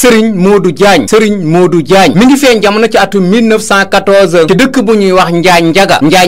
Serigne Modou Diagne Serigne Modou Diagne mi ngi feeñ jamono ci atum 1914 ci dëkk bu ñuy wax Njaañ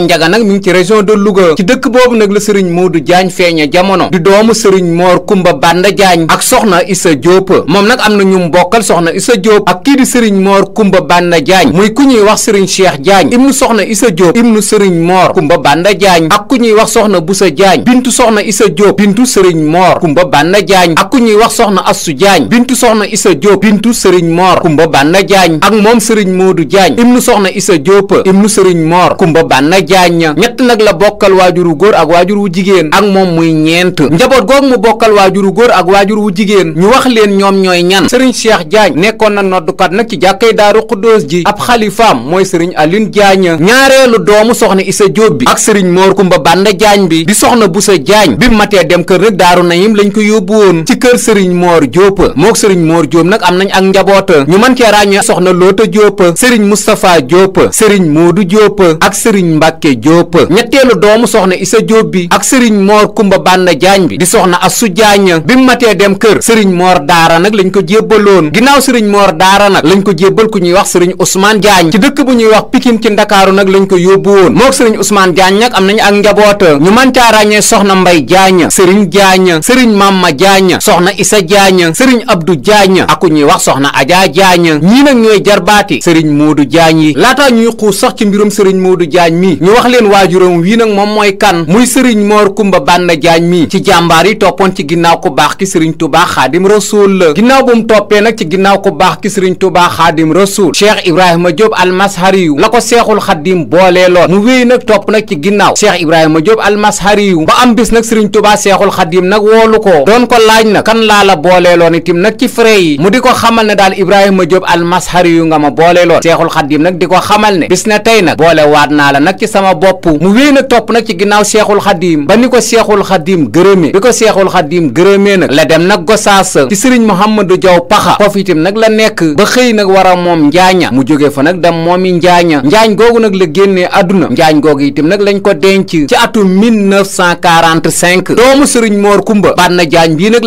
Njaga nag mi ngi ci région de Louga ci dëkk boobu nag la Serigne Modou jaañ feeña jamono di doomu Serigne moor Kumba Banda jaañ ak soxna Issa Diop moom nag am na ñu mbokkal soxna Issa Diop ak kii di Serigne Mor Kumba Banda Diagne muy ku ñuy wax Serigne Cheikh Diagne ibnu soxna Issa Diop ibnu Serigne moor Kumba Banda Diagne ak ku ñuy wax soxna bu sa Diagne bintu soxna Issa Diop bintu Serigne Mor Kumba Banda Diagne ak ku ñuy wax soxna astu Diagne bintu soxna Issa Diop bintu sëriñ moor kumba bànna jaañ ak moom sëriñ moodu jaañ ibnu soxna isa jóopa ibnu sëriñ moor kumba bànna jaañ ñett nag la bokkal waajuru góor ak waajur wu jigéen ak moom muy ñeent njaboot goog mu bokkal waajuru góor ak waajur wu jigéen ñu wax leen ñoom ñooy ñan sëriñ cheikh jaañ nekkoon na noddukat nag ci jàkkay daaru xuddoos ji ab xalifaam mooy sëriñ alin jaañ ñaareelu doomu soxna isa jóob bi ak sëriñ moor kumba bànna jaañ bi di soxna busa jaañ bi matee dem kër nag daaru nayim lañ ko yóbbu woon ci kër moor jóopa mook sëriñ moor jóob am nañ ak njaboot ñu mën cee ràññee soxna Loota Diop Serigne Moustapha Diop Serigne Modou Diop ak Serigne Mbacke Diop ñetteelu doomu soxna Issa Diop bi ak Serigne Mor Kumba Banna Diagne bi di soxna Assou Diagne bi mu matee dem kër Serigne Mor Daara nag lañ ko jébbaloon ginnaaw sëriñ moor Daara nag lañ ko jébbal ku ñuy wax sëriñ Ousmane Diagne ci dëkk bu ñuy wax Pikine ci Ndakaaru nag lañ ko yóbbu woon moog Serigne Ousmane Diagne nag am nañ ak njaboot ñu mën caa ràññee soxna Mbay Diagne Serigne Diagne Serigne Mamma Diagne soxna Issa Diagne Serigne Abdou Diagne ak ñuy wax soxna Adja Diagne ñii nag ñooy jarbaati sëriñ Modou Diagne yi laataa ñuy xuus sax ci mbirum sëriñ Modou Diagne mi ñu wax leen waajuram wii nag moom mooy kan muy sëriñ Mor Kumba Banna Diagne mi ci jàmbaar yi toppoon ci ginnaaw ku baax ki sëriñ Touba Xaadim Rasuul la ginnaaw bu mu toppee nag ci ginnaaw ku baax ki sëriñ Touba Xaadim Rasuul Cheikh Ibrahima Diop Almashari yu la ko Seexul Xaadim booleeloon mu wéy nag topp nag ci ginnaaw Cheikh Ibrahima Diop Almashari yu ba am bis nag sëriñ Touba Seexul Xaadim nag woolu ko doon ko laaj nag kan laa la booleeloon itim nag ci frais yi ko xamal ne daal Ibrahima Diop almashari yu nga ma boole loon seexul xaddim nag di ko xamal ne bis na tey nag boole waat naa la nag ci sama bopp mu wéy nag topp nag ci ginnaaw seexul xaddim ba ni ko seexul xaddim gërëmee bi ko seexul xaddim gërëmee nag la dem nag gosaas ci sëriñ Mouhamadou Diaw paxa foofu itam nag la nekk ba xëy nag war a moom njaaña mu jóge fa nag dem moomi njaaña njaañ googu nag la génnee àdduna njaañ googu itam nag lañ ko denc ci atum 1945 doomu sëriñ Mor Kumba Banna Jaañ bii nag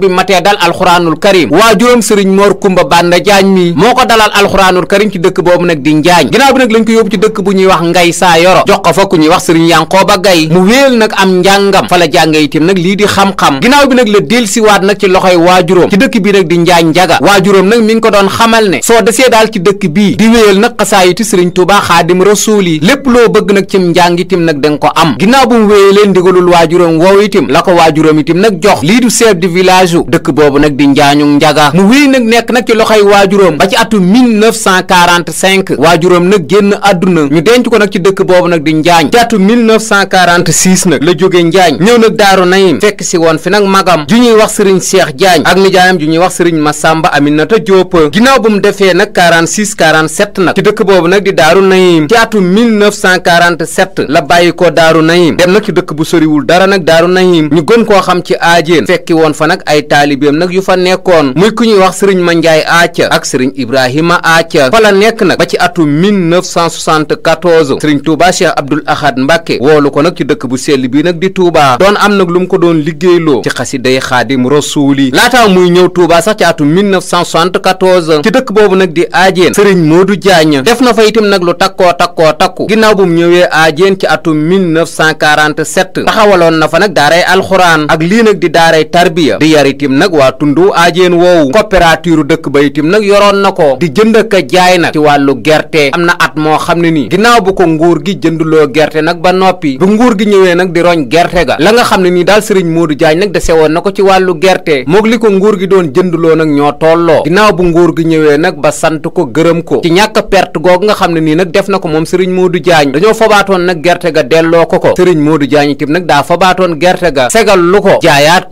bi matee dal alxuraanul karim waajuram sëriñ Mor Kumba Banda Jaañ mi moo ko dalal alxuraanul karim ci dëkk boobu nag di njaañ ginnaaw bi nag lañ ko yóbbu ci dëkk bu ñuy wax ngay saa yoro jox ko fa ku ñuy wax sëriñ Yankooba Gay mu wéel nag am njàngam fala la itim nag lii di xam-xam ginnaaw bi nag la delsiwaat nag ci loxoy waajuram ci dëkk bi nag di njaañ njaga waajuram nag mi ngi ko doon xamal ne soo desee daal ci dëkk bii di wéyal nag xasaayiti sëriñ Tuubaa Xaadim Rasuul yi lépp loo bëgg nag cim njàng itam nag danga ko am ginnaaw bu mu wéyelee ndigalul waajuram woow itam la ko waajuram itam nag jox lii du chef de dëkk boobu nag di njaañu njaga Touba mu wéy nag nekk nag ci loxoy waajuróom ba ci atum 1945 waajuróom nag génn àdduna ñu denc ko nag ci dëkk boobu nag di Njaañ ci atum 1946 nag la jóge Njaañ ñëw nag Daaru Nayim fekk si woon fi nag magam ju ñuy wax sëriñ Cheikh jaañ ak nijaayam ju ñuy wax sëriñ ma sàmba Massamba Aminata Diop ginnaaw bu mu defee nag 46 47 nag ci dëkk boobu nag di Daaru Nayim ci atum 1947 la bàyyi ko Daaru Nayim dem nag ci dëkk bu soriwul dara nag Daaru Nayim ñu gën koo xam ci aajeen fekki woon fa nag ay taalibeem nag yu fa nekkoon muy ku ñuy wax sëriñ Mandiaye Athia ak sëriñ Ibrahima Athia fa la nekk nag ba ci atum 1974 sëriñ Touba Cheikh Abdoul Ahad Mbacke woolu ko nag ci dëkk bu sell bii nag di Touba doon am nag lu mu ko doon liggéeyloo ci xasiday xaadim rasuuli laataa muy ñëw Touba sax ci atum 1974 ci dëkk boobu nag di Aajeen sëriñ Modou Diagne def na fa itam nag lu takkoo takkoo takku ginnaaw bu mu ñëwee Aajeen ci atum 1947 taxawaloon na fa nag daaray alxuraan ak lii nag di daaray tarbiya di yar itam nag waa tundu Aajeen woowu coopérative dëkk ba itim nag yoroon na ko di jënd ak jaay nag ci wàllu gerte am na at moo xam ne nii ginnaaw bu ko nguur gi jëndloo gerte nag ba noppi bu nguur gi ñëwee nag di roñ gerte ga la nga xam ne nii daal sëriñ du jaañ nag dese woon na ko ci wàllu gerte moog li ko nguur gi doon jëndloo nag ñoo tolloo ginnaaw bu nguur gi ñëwee nag ba sant ko gërëm ko ci ñàkk pert googu nga xam ne nii nag def na ko moom sëriñ Modou Diagne dañoo fabaatoon nag gerte ga delloo ko ko sëriñ Modou Diagne itim nag daa fabaatoon gerte ga segal lu ko jaayaat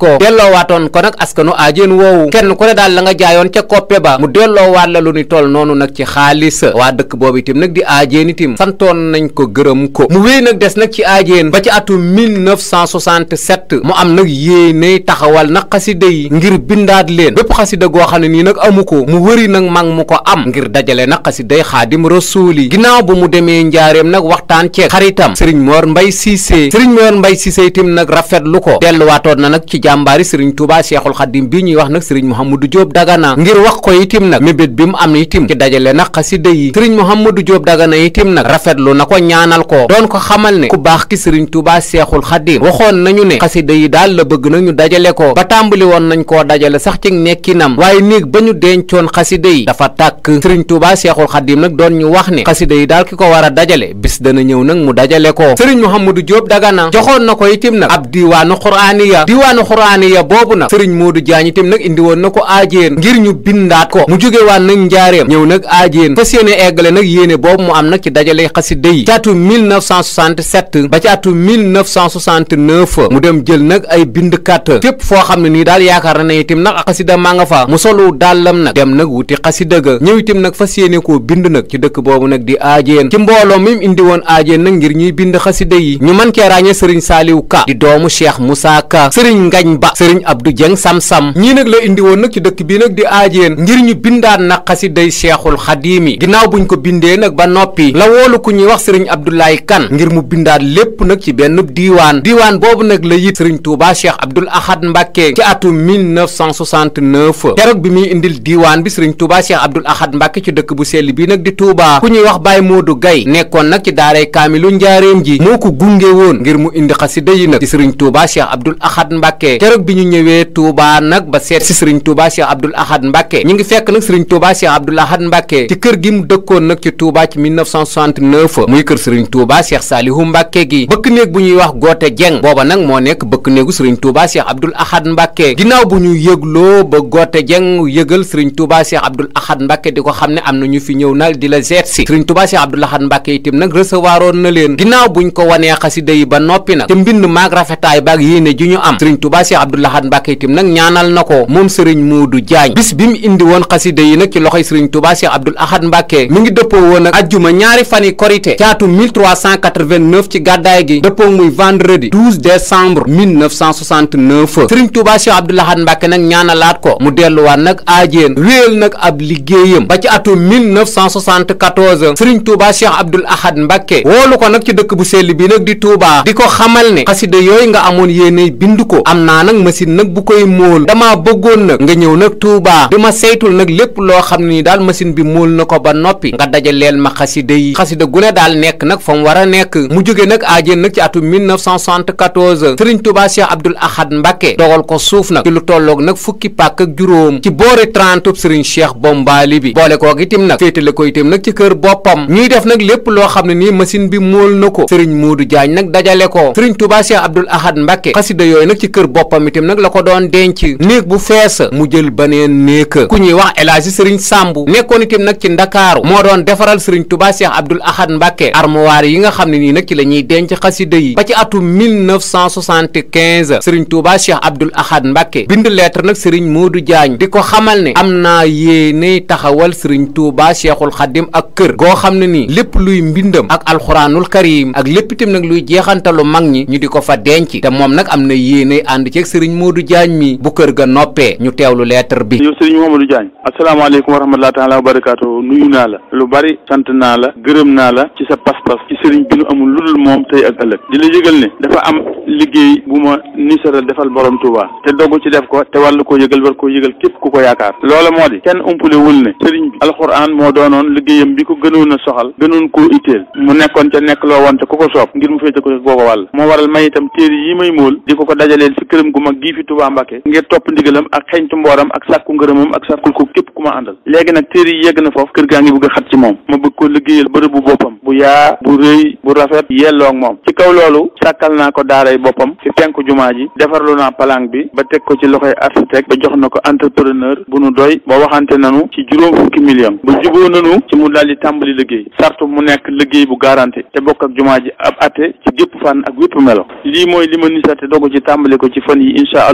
daal la nga jaayoon ca koppe ba mu delloowaat la lu ni toll noonu nag ci xaalis waa dëkk boobu itam nag di aajeen itam santoon nañ ko gërëm ko mu wéy nag des nag ci aajeen ba ci atum 1967 mu am nag yéene taxawal nag xasida yi ngir bindaat leen bépp xasida goo xam ne nii nag amu ko mu wëri nag mag mu ko am ngir dajale nag xasiday xaadim rasuul yi ginnaaw bu mu demee njaareem nag waxtaan ceeg xaritam sëriñ Mor Mbay Cissé sëriñ Mor Mbay Cissé itam nag na Diop Dagana ngir wax ko itim nag mébét bi mu am itim ci dajale nag xasida yi sëriñ Mouhamadou Diop Dagana itim nag rafetlu na ko ñaanal ko doon ko xamal ne ku baax ki sëriñ Tuubaa Seexul Xadiim waxoon nañu ne xasida yi daal la bëgg nañu dajale ko ba tàmbali woon nañ koo dajale sax ci nekkinam waaye néeg ba ñu dencoon xasida yi dafa tàkk sëriñ Tuubaa Seexul Xadiim nag doon ñu wax ne xasida yi daal ki ko war a dajale bis dana ñëw nag mu dajale ko sëriñ Mouhamadou Diop Dagana joxoon na ko itim nag ab diiwaanu xuraaniya diiwaanu xuraaniya boobu nag sëriñ Modou Diagne itim nag aajeen ngir ñu bindaat ko mu jóge waan nag njaareem ñëw nag aajeen fas yéene eggale nag yéene boobu mu am nag ci dajale xasida yi ci atu 1967 ba ci atu mu dem jël nag ay bindkat fépp foo xam ne daal yaakaar na itam nag xasida maa nga fa mu solu dàllam nag dem nag wuti xasida ga ñëw itam nag fas yéene koo bind nag ci dëkk boobu nag di aajeen ci mbooloo mim indi woon aajeen nag ngir ñuy bind xasida yi ñu mën cee sëriñ Saaliw Ka di doomu Cheikh Moussa Ka dëkk bi nag di aajeen ngir ñu bindaat nag xasiday seexul xadiim yi ginnaaw buñ ko bindee nag ba noppi la woolu ku ñuy wax sëriñ Abdoulaye kan ngir mu bindaat lépp nag ci benn diiwaan diiwaan boobu nag la yit sëriñ Touba Cheikh Abdoul Ahad Mbacke ci atum 1969 keroog bi muy indil diiwaan bi sëriñ Touba Cheikh Abdoul Ahad ci dëkk bu sell bi nag di Touba ku ñuy wax Baye Modou Gaye nekkoon nag ci daaray kaamilu njaareem ji moo ko gunge woon ngir mu indi xasida yi nag ci sëriñ Touba Cheikh Abdoul Ahad Mbacke keroog bi ñu ñëwee tuuba nag ba seet si sëriñ Touba Cheikh Cheikh Abdoul Ahad Mbacke ñu ngi fekk nag Serigne Touba Cheikh Abdoul Ahad Mbacke ci kër gi mu dëkkoon nag ci Touba ci 1969 muy kër Serigne Touba Cheikh Salihu Mbacke gi bëkk néeg bu ñuy wax goote jeng booba nag moo nekk bëkk néegu Serigne Touba Cheikh Abdoul Ahad Mbacke ginnaaw bu ñu yëgloo ba goote jeng yëgal Serigne Touba Cheikh Abdoul Ahad nbake di ko xam ne am na ñu fi ñëw nag di la seet si Serigne Touba Cheikh Abdoul Ahad Mbacke itam nag recevoir oon na leen ginnaaw buñ ko wanee xasida yi ba noppi nag te mbind maag rafetaay baag yéene ju ñu am Serigne Touba Cheikh Abdoul Ahad Mbacke itam nag ñaanal na ko Modou Diagne bis bi mu indi woon xasida yi nag ci loxoy Serigne Touba Cheikh Abdoul Ahad Mbacke mi ngi dëppoo woon ak ajjuma ñaari fani korite caatu 1389 ci gàddaay gi dëppoo muy vendredi 12 décembre 1969 Serigne Ahad Mbacke nag ñaanalaat ko mu delluwaat nag aajeen wéel nag ab liggéeyam ba ci atum 1974 Serigne Touba Cheikh Ahad Mbacke woolu ko nag ci dëkk bu sell bi nag di Touba di ko xamal ne xasida yooyu nga amoon yéeney bind ko am naa nag machine nag bu ñëw nag Touba di ma saytul nag lépp loo xam ne ni daal machine bi muul na ko ba noppi nga dajaleel ma xasida yi xasida gu ne daal nekk nag fa mu war a nekk mu jóge nag aajéen nag ci atum 1974 Serigne Touba Cheikh Abdoul Ahad Mbacké dogal ko suuf nag ci lu tolloog nag fukki pàkk ak juróom ci boori 30 Serigne Cheikh Bombali bi boole koog itam nag féetale ko itam nag ci kër boppam ñuy def nag lépp loo xam ne nii machine bi muul na ko Serigne Modou Diagne nag dajale ko Serigne Touba Cheikh Abdoul Ahad Mbacké xasida yooyu nag ci kër boppam itam nag la ko ubbil baneen néeka ku ñuy wax El Hadji Serigne nekkoon itam nag ci ndakaaru moo doon defaral Serigne Touba Cheikh Abdoul Ahad Mbacke armoire yi nga xam ne nii nag ci la ñuy denc xasida yi ba ci atum 1975 Serigne Touba Cheikh Abdoul Ahad Mbacke bind lettre nag Serigne Modou Diagne di ko xamal ne am naa yéeney taxawal Serigne Touba Cheikhul Khadim ak kër goo xam ne nii lépp luy mbindam ak alxuraanul karim ak lépp itam nag luy jeexantalu mag ñi ñu di ko fa denc te moom nag am na yéeney ànd ceeg Serigne Modou Diagne lettre bi. yow sëriñ Mouhamadou Diagne asalaamaaleykum wa rahmatulah taala wa barakaatu nuyu naa la lu bari sant naa la gërëm naa la ci sa pas-pas ci sëriñ bi nu amul lu dul moom tey ak ëllëg di yëgal ne dafa am liggéey bu ma nisaral defal borom Touba te dogg ci def ko te wàllu koo yëgal war koo yëgal képp ku ko yaakaar loola moo di kenn umpule wul ne sëriñ bi alxuraan moo doonoon liggéeyam bi ko gënoon a soxal gënoon koo itteel mu nekkoon ca nekk am ak sàkku ngërëmam ak sàkkul ko képp ku ma àndal léegi nag téere yegg na foofu kër gaa ngi bëgg xat ci moom ma bëgg ko liggéeyal bërëb bu boppam bu yaa bu rëy bu rafet yelloo moom ci kaw loolu sàkkal naa ko daaray boppam fi penku jumaa ji defarlu naa palang bi ba teg ko ci loxoy architecte ba jox na ko entrepreneur bu nu doy ba waxante nanu ci juróom fukki million ba juboo nanu ci mu daldi tàmbali liggéey sartu mu nekk liggéey bu garanti te bokk ak jumaa ji ab atte ci gépp fànn ak li ma nisate dogu ci tàmbali ko ci fan yi incha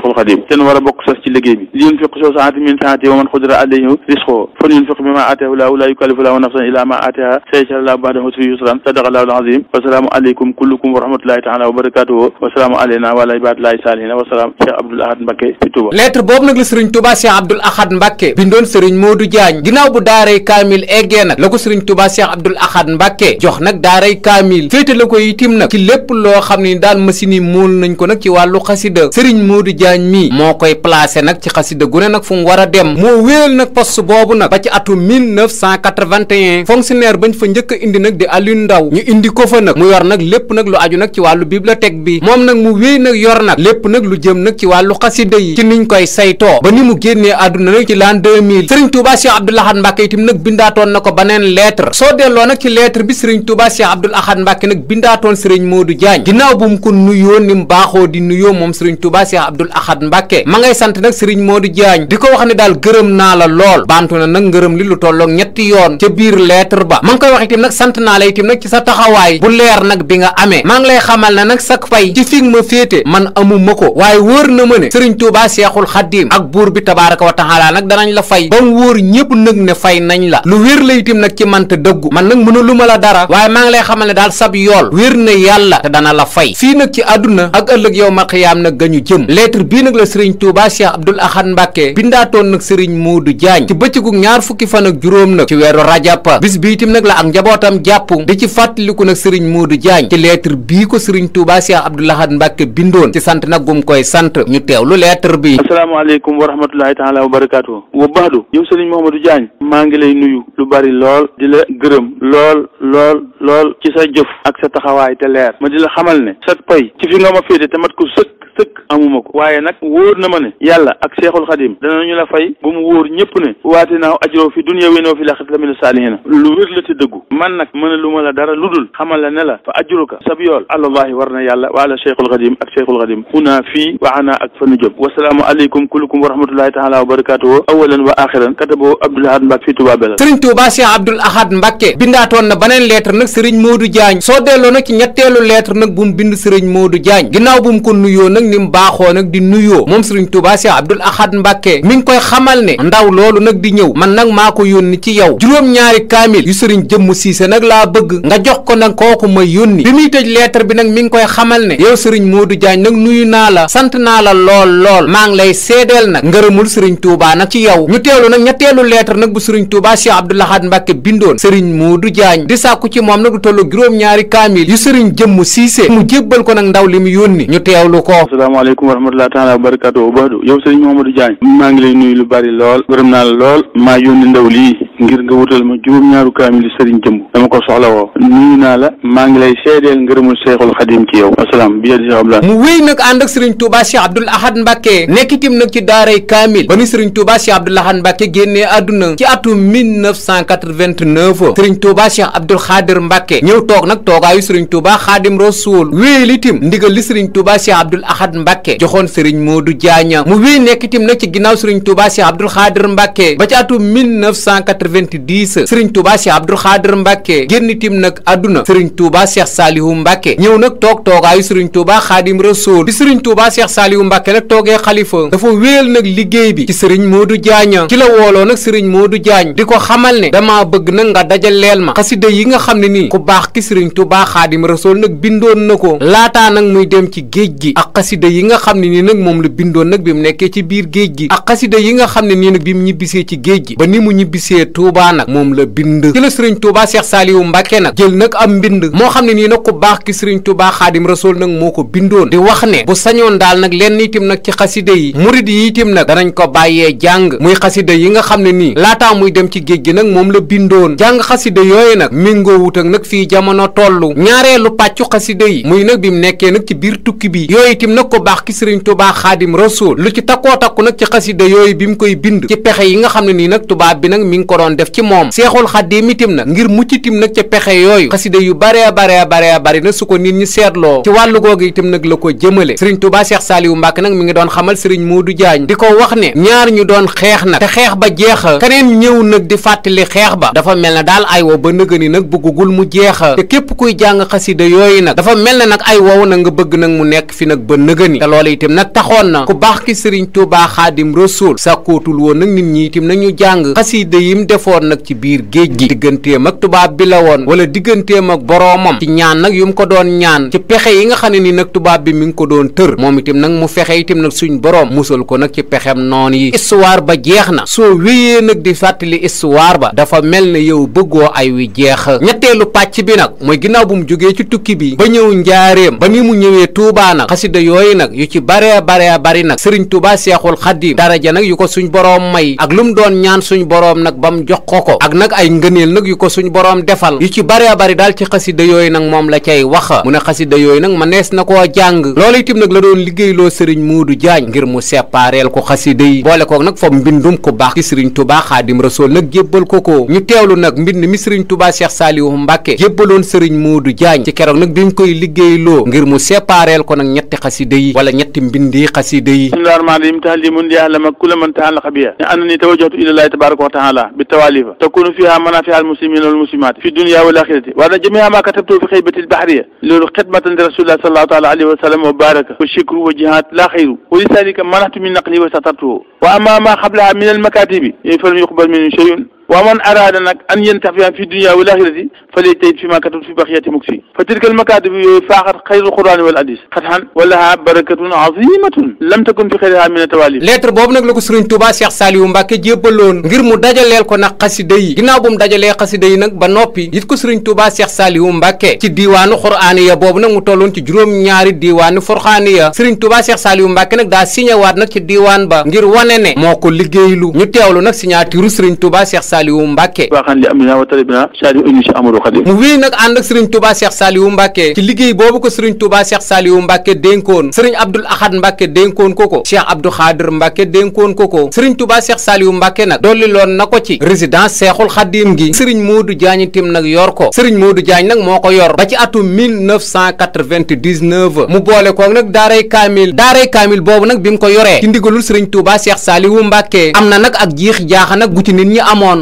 Seexul Xadiim ten war a bokk sos ci liggéey bi li yun fiq soo saati min saati wa a xudra alayhi risqo fan yun fiq bi ma aataahu laahu laa yukallifu laahu nafsan ilaa ma aataaha sayaj'alu laahu ba'dahu yusran sadaqa laahu al-aziim wasalaamu aleykum kullukum wa rahmatullaahi taala wa barakaatuhu wasalaamu aleynaa wa alaa ibaadillaahi saalihiina wasalaam Cheikh Abdoul Ahad Mbacké ci Touba lettre boobu nag la bindoon Serigne Modou Diagne ginnaaw bu daaray kaamil eggee nag la ko Serigne Touba Diagne mii moo koy placé nag ci xasida gu ne nag fu mu war a dem moo wéyal nag poste boobu nag ba ci atu 1981 fonctionnaire bañ fa njëkk a indi nag di Alioune Ndao ñu indi ko fa nag mu yor nag lépp nag lu aju nag ci wàllu bibliothèque bi moom nag mu wéy nag yor nag lépp nag lu jëm nag ci wàllu xasida yi ci niñ koy say too ba ni mu génnee àdduna nag ci l'an 2000 Serigne Touba Cheikh Abdoul Ahad Mbacké itam nag bindaatoon na ko baneen lettre soo delloo nag ci lettre bi Serigne Touba Cheikh Abdoul Ahad Mbacké nag bindaatoon Serigne Ahad Mbacke ma ngay sant nag Serigne Modou Diagne di ko wax ne daal gërëm naa la lool bantu na nag ngërëm li lu tolloog ñetti yoon ca biir ba ma koy wax itam nag sant naa la nag ci sa taxawaay bu leer nag bi nga amee maa ngi lay xamal ne nag sak fay ci fi nga féete man amuma ko waaye wóor na ma ne Serigne Touba Seexul Xaddiim ak buur bi tabaaraka wa taala nag danañ la fay ba mu wóor ñëpp nag ne fay nañ la lu wér la itam nag ci man te dëggu man nag mëna lu ma la dara waaye maa ngi lay xamal ne daal sab yool wér na yàlla dana la fay fii nag ci àdduna ak ëllëg yow ma xiyaam nag gañu jëm lettre bii nag la sëriñ Touba Cheikh Abdoul Ahad Mbacke bindaatoon nag sëriñ du Diagne ci bëccëgu ñaar fukki fan ak juróom nag ci weeru rajab bis bi itam nag la ak njabootam jàpp di ci fàttaliku nag sëriñ Modou Diagne ci lettre bii ko sëriñ Touba Cheikh Abdoul Ahad Mbacke bindoon ci sant nag gum koy sant ñu teewlu lettre bi. asalaamaaleykum wa rahmatulahi taala wa barakaatu. wa baadu yow sëriñ Mouhamadou Diagne maa ngi lay nuyu lu bari lool di la gërëm lool lool lool ci sa jëf ak sa taxawaay te leer ma di la xamal ne sa pay sëkk amuma ko waaye nag wóor na ma ne yàlla ak seexul xadim danañu la fay ba mu wóor ñëpp ne waatinaaw ajroo fi dunya wenoo fi laxat la mina saalihiina lu wér la te dëggu man nag mën a lu ma la dara lu dul xamal la ne la fa ajruka sab yool àlallahi war na yàlla waala seexul xadim ak seexul xadim xunaa fii waxanaa ak fa nu jëm wasalaamu aleykum kulukum wa rahmatullahi taala wa barakatuhu awalan wa axiran kataboo Abdoul Ahad Mbacke bindaatoon na beneen ni mu baaxoo nag di nuyoo moom sëriñ Tuubaa Cheikh Abdoul Ahad Mbacke mi ngi koy xamal ne ndaw loolu nag di ñëw man nag maa ko yónni ci yow juróom-ñaari kaamil yu sëriñ jëmm siise nag laa bëgg nga jox ko nag kooku ma yónni bi muy tëj lettre bi nag mi ngi koy xamal ne yow sëriñ Modou Diagne nag nuyu naa la sant naa lool lool maa ngi lay seedeel nag ngërëmul sëriñ Tuubaa nag ci yow ñu teelu nag ñetteelu lettre nag bu sëriñ Tuubaa Cheikh Abdoul Ahad bindoon sëriñ Modou Diagne di sàkku ci moom nag lu tollu juróom-ñaari kaamil yu sëriñ jëmm siise mu jébbal ko nag ndaw li mu yónni ñu teewlu ko asalaamaaleykum wa rahmatulah taala wa barakaatu yow sëriñ Mamadou Diagne maa ngi lay nuyu lu bari lool gërëm naa la lool maa yónni ndaw lii ngir nga wutal ma juróom-ñaaru kaamil sëriñ jëmb dama ko soxla woo nuyu naa la maa ngi lay seedeel ngërëmul seexul xadim ci yow asalaam bi yadi Cheikh Abdoulaye mu wéy nag ànd ak sëriñ Touba Cheikh Abdoul Ahad Mbacke nekk itam nag ci daaray kaamil ba nu sëriñ Touba Cheikh Abdoul Ahad Mbacke génnee àdduna ci atum 1989 sëriñ Touba Cheikh Abdoul Khadir Mbacke ñëw toog nag toogaayu sëriñ Touba Khadim Rasoul wéel itam ndigal li sëriñ Touba Cheikh Abdoul Ahad Mbacke joxoon sëriñ Modou Diagne mu wéy nekk itam nag ci ginnaaw sëriñ Touba Cheikh Abdoul Khadir Mbacke ba ci atum 19 90 sëriñ Touba Cheikh Abdou Khadre Mbacke génn tim nag àdduna sëriñ Touba Cheikh Salihu Mbacke ñëw nag toog toogaayu sëriñ Touba Khadim Rasoul bi sëriñ Touba Cheikh Salihu Mbacke nag toogee xalifa dafa wéel nag liggéey bi ci sëriñ Modou Diagne ci la wooloo nag sëriñ du Diagne di ko xamal ne damaa bëgg nag nga dajaleel ma xasida yi nga xam ne nii ku baax ki sëriñ Touba Khadim Rasoul nag bindoon na ko laataa nag muy dem ci géej gi ak xasida yi nga xam ne nii nag moom la bindoon nag bi mu nekkee ci biir géej gi ak xasida yi nga xam ne nii nag bi mu ñibbisee ci géej gi Touba nag moom la bind ci la sëriñ Touba Cheikh Saliou Mbacke nag jël nag am mbind moo xam ne nii nag ku baax ki sëriñ Touba Xaadim Rasool nag moo ko bindoon di wax ne bu sañoon daal nag lenn itim nag la bindoon jàng xasida yooyu nag méngoo wut ak nag fii jamono toll ñaareelu pàccu xasida yi muy nag bi mu nekkee nag ci biir tukki bi yooyu itim nag ku baax ki sëriñ Touba Xaadim Rasool lu ci takkoo takku nag ci xasida yooyu bi mu koy bind ci pexe yi nga xam ne nii nag tubaab bi nag mi ngi ko doon doon def ci moom seexul xaddiim itim nag ngir mucc itim nag ca pexe yooyu xasida yu bare bare bare bari na su ko nit ñi seetloo ci wàllu googu itim nag la ko jëmale sëriñ Tuubaa Seex Saaliwu Mbàkke nag mi ngi doon xamal sëriñ Moodu Jaañ di ko wax ne ñaar ñu doon xeex nag te xeex ba jeexa keneen ñëw nag di fàttali xeex ba dafa mel na daal ay wow ba nëgëni nag bëggugul mu jeexa te képp kuy jàng xasida yooyu nag dafa mel na nag ay wow na nga bëgg nag mu nekk fi nag ba nëgëni te loolu itim nag taxoon na ku baax ki sëriñ Tuubaa Xaadim Rasuul sàkkootul woon nag nit ñi itim nag ñu jàng xasida jëfoon nag ci biir géej gi digganteem ak tubaab bi la woon wala digganteem ak boroomam ci ñaan nag yu mu ko doon ñaan ci pexe yi nga xam ne ni nag tubaab bi mu ngi ko doon tër moom itam nag mu fexe itam nag suñu boroom musal ko nag ci pexem noon yi histoire ba jeex na soo wéyee nag di fàttali histoire ba dafa mel ne yow bëggoo ay wi jeex ñetteelu pàcc bi nag mooy ginnaaw bu mu jógee ci tukki bi ba ñëw njaareem ba ni mu ñëwee tuubaa nag xasida yooyu nag yu ci baree baree bari nag sëriñ tuubaa seexul xaddim borom jox ko ko ak nag ay ngëneel nag yu ko suñ borom defal yu ci bare bari daal ci xasida yooyu nag moom la cay wax mu ne xasida yooyu nag mënees na koo jàng loolu itam nag la doon liggéeyloo sëriñ du Jaañ ngir mu sépareel ko xasida yi boole kook nag foofu mbindum ku baax ci sëriñ Tubaa Xaadim Rasuul nag jébbal ko ko ñu teewlu nag mbind mi sëriñ Tubaa Cheikh Saalihu Mbàkke jébbaloon sëriñ du Jaañ ci keroog nag bi mu koy liggéeyloo ngir mu sépareel ko nag ñetti xasida yi wala ñetti mbindi yi bismillaahi rahmaani rahiim tahlimun li alama kula man taalaqa biha annani tawaalifa takunu fiha manafiha almuslimina wal muslimaati fi dunya wal axirati wa anna jamia ma katabtu fi xaybati lbahriya loolu xidmatan li rasulillah sallallahu taala alayhi wa sallam wa baraka wa shikru wa jihaad la xayru wa lisalika manahtu min naqli wa satartuhu wa amma ma qablaha min almakatibi fa lam yuqbal min shay'un wa man araada nag an yantafiya fi dunya wal axirati falyajtahid fi ma katab fi baqiyati muksi fa tilka al makatib faaxat xayrul quraan wal hadis xatxan lam takun fi xayriha min tawalif lettre boobu nag la ko sëriñ Tuubaa Cheikh Saliou Mbacke jébbaloon ngir mu dajaleel ko nag xasida yi ginnaaw bu mu dajalee xasida yi nag ba noppi it ko sëriñ Tuubaa Cheikh mbakke Mbacke ci diiwaanu xuraaniya boobu nag mu tolloon ci juróom-ñaari diiwaanu forxaaniya sëriñ Tuubaa Cheikh Saliou Mbacke nag daa signé waat nag ci diiwaan ba ngir wane ne moo ko liggéeylu ñu teewlu nag signature sëriñ Tuubaa Cheikh Saliou Mbacke waaxaan li am na wa mu wéy nag ànd ak Serigne Touba Cheikh Saliou Mbacke ci liggéey boobu ko Serigne Touba Cheikh Saliou Mbacke dénkoon Serigne Abdoul Ahad Mbacke dénkoon ko ko Cheikh Abdou Khadir Mbacke dénkoon ko ko Serigne Touba Cheikh Saliou Mbacke nag dolli loon na ko ci résidence Cheikhoul Khadim gi Serigne Modou Diagne tim nag yor ko Serigne Modou Diagne nag moo ko yor ba ci atum 1999 mu boole koog nag daaray kaamil daaray kaamil boobu nag bi ko yoree ci ndigalul Serigne Touba Cheikh Saliou Mbacke am na nag ak jiix jaaxa nag gu ci nit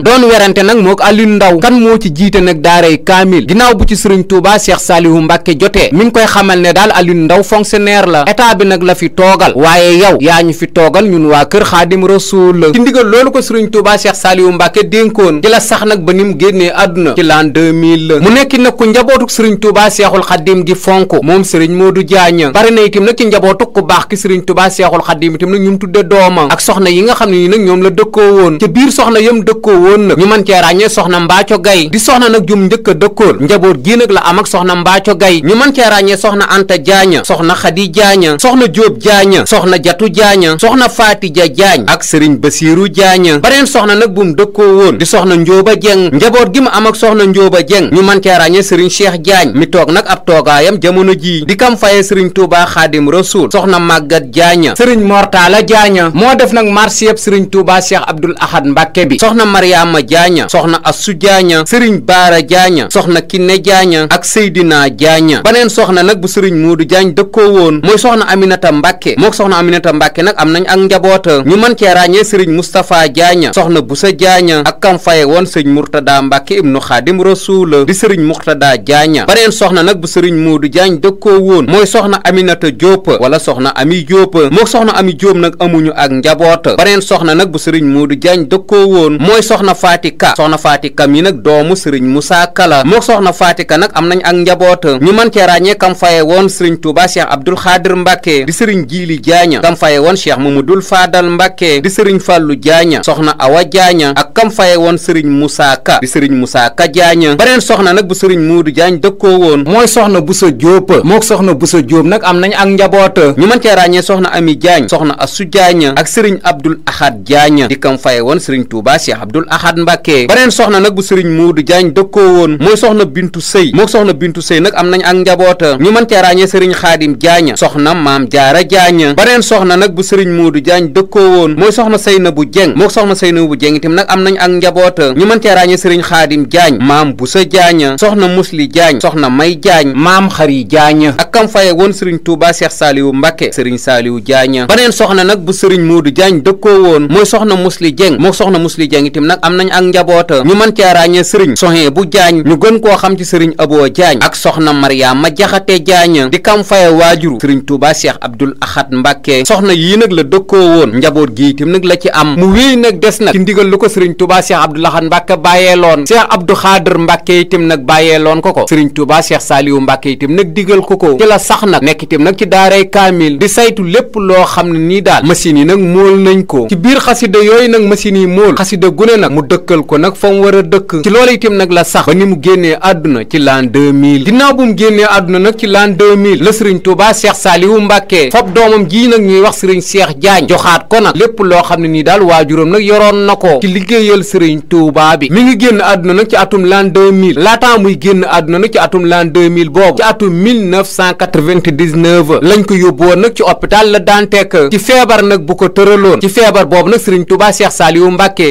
doon werante nag moo ko Aliou Ndaw kan moo ci jiite nag daaray kaamil ginnaaw bu ci sëriñ Touba Cheikh Salihu jotee mi ngi koy xamal ne daal Ndaw fonctionnaire la état bi nag la fi toogal waaye yow yaa ñu fi toogal ñun waa kër Xaadim Rasuul la ci ndigal loolu ko sëriñ Touba Cheikh Salihu Mbacke dénkoon ci la sax nag ba ni mu génnee àdduna ci l'an 2000 la mu nekki nag ku njabootuk sëriñ Touba Cheikhul Xaadim gi fonk moom sëriñ Modou Diagne bari na itam nag ci njabootuk ku baax ki sëriñ Touba Cheikhul Xaadim itam nag ñu mu tudde doomam ak soxna yi nga xam ne ni nag ñoom la dëkkoo woon ca biir soxna yam dëkkoo woon yoon nag ñu mën cee ràññee soxna Mbaaco Gay di soxna nag jum njëkk a dëkkool njaboot gii nag la am ak soxna Mbaaco Gay ñu mën cee ràññee soxna Anta Jaaña soxna Xadi Jaaña soxna Jóob Jaaña soxna Jatu Jaaña soxna Faatija Jaañ ak Sëriñ Basiiru Jaaña baneen soxna nag bu mu dëkkoo woon di soxna Njóoba Jeng njaboot gi mu am ak soxna Njóoba Jeng ñu mën cee ràññee Sëriñ Cheikh Jaañ mi toog nag ab toogaayam jamono jii di kam fayee Sëriñ Tuubaa Xaadim Rasuul soxna Màggat Jaaña Sëriñ Mortaala Jaaña moo def nag marché yëpp Sëriñ Tuubaa Cheikh Abdul Ahad Mbàkke bi soxna Mariama Mariama Jaaña soxna Assu Jaaña sëriñ Baara Jaaña soxna Kinne Jaaña ak Seydina Jaaña baneen soxna nag bu sëriñ Muudu Jaañ dëkkoo woon mooy soxna Aminata Mbàkke mook soxna Aminata Mbàkke nag am nañ ak njaboota ñu mën cee ràññee sëriñ Mustapha Jaaña soxna Busa Jaaña ak kam woon sëriñ Murtada Mbàkke ibnu Xaadim Rasuul di sëriñ Muxtada Jaaña baneen soxna nag bu sëriñ Muudu Jaañ dëkkoo woon mooy soxna Aminata Jóob wala soxna Ami Jóob mook soxna Ami Jóob nag amuñu ak njaboota baneen soxna nag bu sëriñ Muudu Jaañ dëkkoo woon mooy soxna soxna faati ka soxna faati ka mi nag doomu sëriñ Moussa Ka la mook soxna faati ka nag am nañ ak njaboot ñu mën cee ràññee kam faye woon sëriñ Touba Cheikh Abdoul Xaadir Mbàkke di sëriñ Jiili Jaaña kam faye woon Cheikh Mamadul Faadal Mbàkke di sëriñ Fàllu Jaaña soxna Awa Jaaña ak kam faye woon sëriñ Moussa Ka di sëriñ Moussa Ka Jaaña beneen soxna nag bu sëriñ Muudu Jaañ dëkkoo woon mooy soxna Busa Jóob mook soxna Busa Jóob nag am nañ ak njaboot ñu mën cee ràññee soxna Ami Jaañ soxna Asu Jaaña ak sëriñ Abdul Ahad Jaaña di kam faye woon sëriñ Touba Cheikh Abdoul Ahad Mbàkke baneen soxna nag bu sëriñ Muudu Jaañ dëkkoo woon mooy soxna bintu sëy mook soxna bintu sëy nag am nañ ak njaboota ñu mën cee ràññee sëriñ Xaadim Jaaña soxna maam Jaara Jaaña baneen soxna nag bu sëriñ Muudu Jaañ dëkkoo woon mooy soxna Seynabu Jeng mook soxna Seynabu Jeng itam nag am nañ ak njaboota ñu mën cee ràññee sëriñ Xaadim Jaañ maam Busa Jaaña soxna Musli Jaañ soxna May Jaañ maam Xari Jaaña ak kam faye woon sëriñ Tuubaa Seex Saaliwu Mbàkke sëriñ Saaliwu Jaaña baneen soxna nag bu sëriñ Muudu Jaañ dëkkoo woon mooy soxna Musli Jeng mook soxna Musli Jeng itam nag am nañ ak njaboota ñu mën cee ràññee sëriñ sohin bu jaañ ñu gën koo xam ci sëriñ aboo jaañ ak soxna mariama jaxate jaañ di kam faye waajuru sëriñ tuuba cheikh abdul ahad mbàkke soxna yii nag la dëkkoo woon njaboot gi itam nag la ci am mu wéy nag des nag ci ndigal lu ko sëriñ tuuba cheikh abdul ahad mbàkke bàyyeeloon cheikh abdou xaadir mbàkke itam nag loon ko ko sëriñ tuuba seex saaliwu mbàkke itam nag digal ko ko ci la sax nag nekk itam nag ci daaray kaamil lépp loo xam ne nii daal machine yi nag mool nañ ko ci biir xasida yooyu yi mool xasida nag mu dëkkal ko nag fa mu war a dëkk ci loolu itam nag la sax ba ni mu génnee àdduna ci l'an 2000 ginnaaw bu mu génnee àdduna nag ci l'an 2000 la sëriñ Touba Cheikh Saliou Mbacke fab doomam jii nag ñuy wax sëriñ seex Diagne joxaat ko nag lépp loo xam ne nii daal waajuram nag yoroon na ko ci liggéeyal sëriñ Touba bi mi ngi génn àdduna nag ci atum l'an 2000 laataa muy génn àdduna ci atum l'an 2000 boobu ci atum 1999 lañ ko yóbbuwoon nag ci hôpital la daan tekk ci feebar nag bu ko tëraloon ci feebar boobu nag sëriñ Touba Cheikh Saliou Mbacke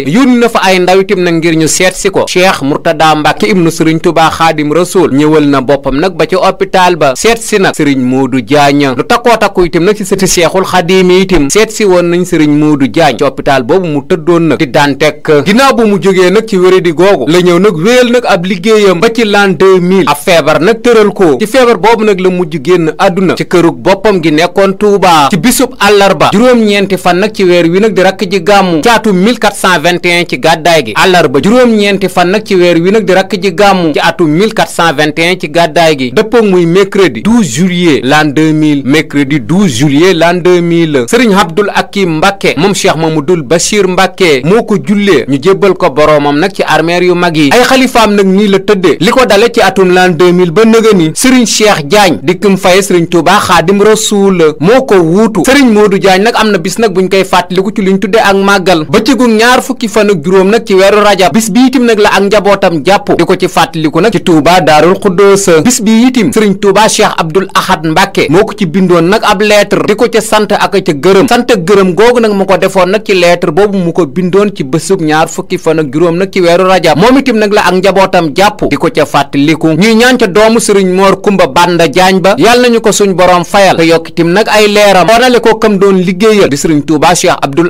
ay ndaw itam nag ngir ñu seet ko cheikh murtada mbàkke ibnu sëriñ tubaa xaadim rasul ñëwal na boppam nag ba ci hôpital ba seet si nag sëriñ moodu jaañ lu takkoo takku itam nag ci sëti seexul xaadim yi itam seet si woon nañ sëriñ moodu jaañ ci hôpital boobu mu tëddoon nag di daantek ginnaaw bu mu jógee nag ci wéradi googu la ñëw nag wéyal nag ab liggéeyam ba ci l'an ab feebar nag tëral ko ci feebar boobu nag la mujj génn àdduna ci kërug boppam gi nekkoon tuubaa ci bisub àllarba juróom-ñeenti fan nag ci weer wi nag di gàddaay gi àllarba juróom-ñeenti fan nag ci weer wi nag di rakk ji gàmmu ci atum 1421 ci gàddaay gi dëppoog muy mercredi 12 juillet l'an 2000 mercredi 12 juillet l'an 2000 sëriñ Abdul Akim Mbacke moom ma Cheikh Mamadul Bachir Mbacke moo ko jullee ñu jébbal ko boroomam nag ci armeer yu mag yi ay xalifaam nag nii la tëddee li ko dale ci atum l'an 2000 ba nëga ni sëriñ Cheikh Diagne di këm faye sëriñ Touba Xaadim Rasuul moo ko wuutu sëriñ Modou Diagne nag am na bis nag buñ koy fàttaliku ci liñ tuddee nag ci weeru rajab bis bi itim nag la ak njabootam jàpp di ko ci fàttaliku nag ci Touba Daarul Xuddoos bis bi itim Serigne Touba Cheikh Abdoul Ahad Mbacke moo ko ci bindoon nag ab lettre di ko ca sant ak ca gërëm sant ak gërëm googu nag mu ko defoon nag ci lettre boobu mu ko bindoon ci bésub ñaar fukki fan ak juróom nag ci weeru rajab moom itim nag la ak njabootam jàpp di ko ca fàttaliku ñuy ñaan ca doomu Serigne Mor Kumba Banda Jaañ ba yàlla nañu ko suñ borom fayal te yokkitim nag ay leeram xoonale ko kam doon liggéeyal di Serigne Touba Cheikh Abdoul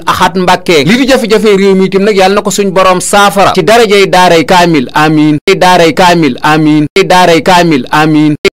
borom saafara ci darajey daaray kaamil amiin daaray kaamil amiin daaray kaamil amiin